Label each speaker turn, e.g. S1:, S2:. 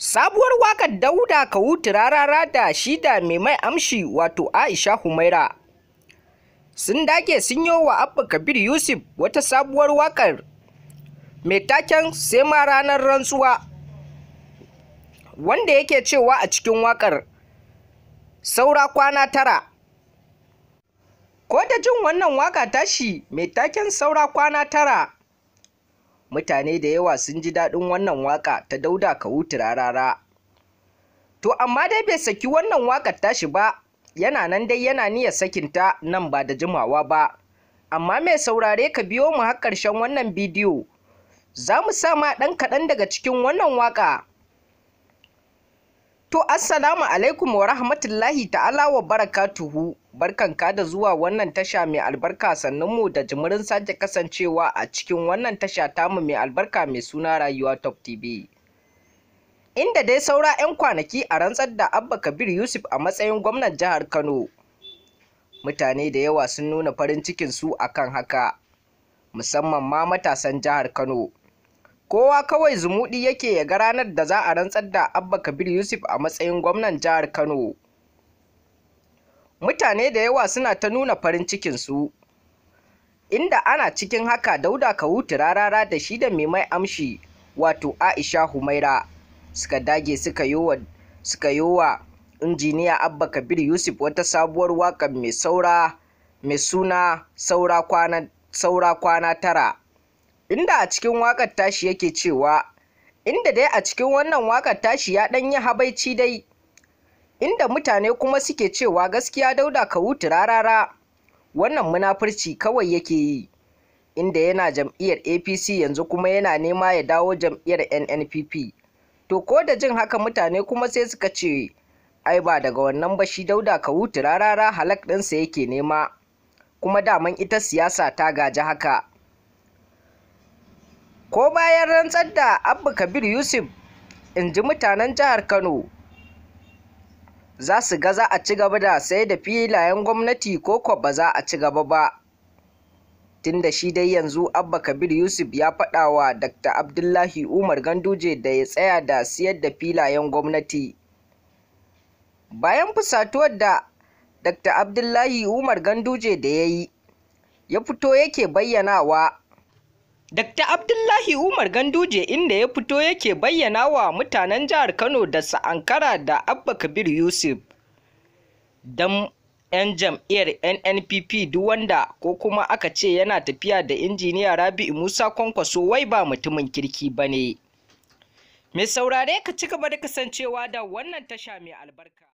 S1: Sabuwar wakar Dauda Kawu Turarara da shida mai mai amshi wato Aisha Humaira. Sun dage sun yi wa Abba Kabir Yusuf wata sabuwar wakar mai taken sai ma ranar rantsuwa wanda yake cewa a cikin wakar saura kwana tara. Ko da jin wannan waka tashi mai taken saura kwana tara. mutane da yawa sun ji daɗin wannan waƙa ta dauda kawu rarara to amma dai bai saki wannan waƙar tashi ba yana nan dai yana niyyar sakinta nan ba da jimawa ba amma mai saurare ka biyo mu har ƙarshen wannan bidiyo za mu sa ma ɗan kaɗan daga cikin wannan waƙa. To assalamu alaikum wa rahmatullahi ta'ala wa barakatuhu barkan ka da zuwa wannan tasha mai albarka sannan mu da jimirin sake kasancewa a cikin wannan tasha mu mai albarka mai suna rayuwa top TV. Inda dai saura 'yan kwanaki a rantsar da Abba Kabir Yusuf a matsayin gwamnan jihar Kano. Mutane da yawa sun nuna farin cikin su akan haka, musamman ma matasan jihar Kano. kowa kawai zumuɗi yake ya ga ranar da za a rantsar da abba kabir yusuf a matsayin gwamnan jihar kano mutane da yawa suna ta nuna farin cikinsu inda ana cikin haka dauda kawutu rarara da shi da mai mai amshi wato aisha humaira suka dage suka yi wa injiniya abba kabir yusuf wata sabuwar waka mai saura mai suna saura kwana, saura kwana tara inda a cikin wakar tashi yake cewa inda dai a cikin wannan wakar tashi ya ɗan yi habaici dai inda mutane kuma suke cewa gaskiya dauda ka wuti rarara wannan munafurci kawai yake yi inda yana jam'iyyar apc yanzu kuma yana nema ya dawo jam'iyyar nnpp to ko da jin haka mutane kuma sai suka ce ai ba daga wannan ba shi dauda ka rarara halak ɗinsa yake nema kuma daman ita siyasa ta gaji haka ko bayan rantsar da abba kabir yusuf in ji mutanen jihar kano za su ga za a ci gaba da sai da filayen gwamnati ko ko ba za a ci gaba ba tun da shi dai yanzu abba kabir yusuf ya faɗa wa dr abdullahi umar ganduje da ya tsaya da siyar da filayen gwamnati bayan fusatuwar da dr abdullahi umar ganduje da ya yi ya fito yake bayyanawa Dr. Abdullahi Umar Ganduje inda ya fito yake bayyana wa mutanen jihar Kano da Sa'ankara da Abba Kabir Yusuf don 'yan jam'iyyar NNPP duk wanda ko kuma aka ce yana tafiya da injiniya Rabi'u Musa Kwankwaso wai ba mutumin kirki ba ne. Mai saurare ka ci gaba da kasancewa da wannan tasha mai albarka.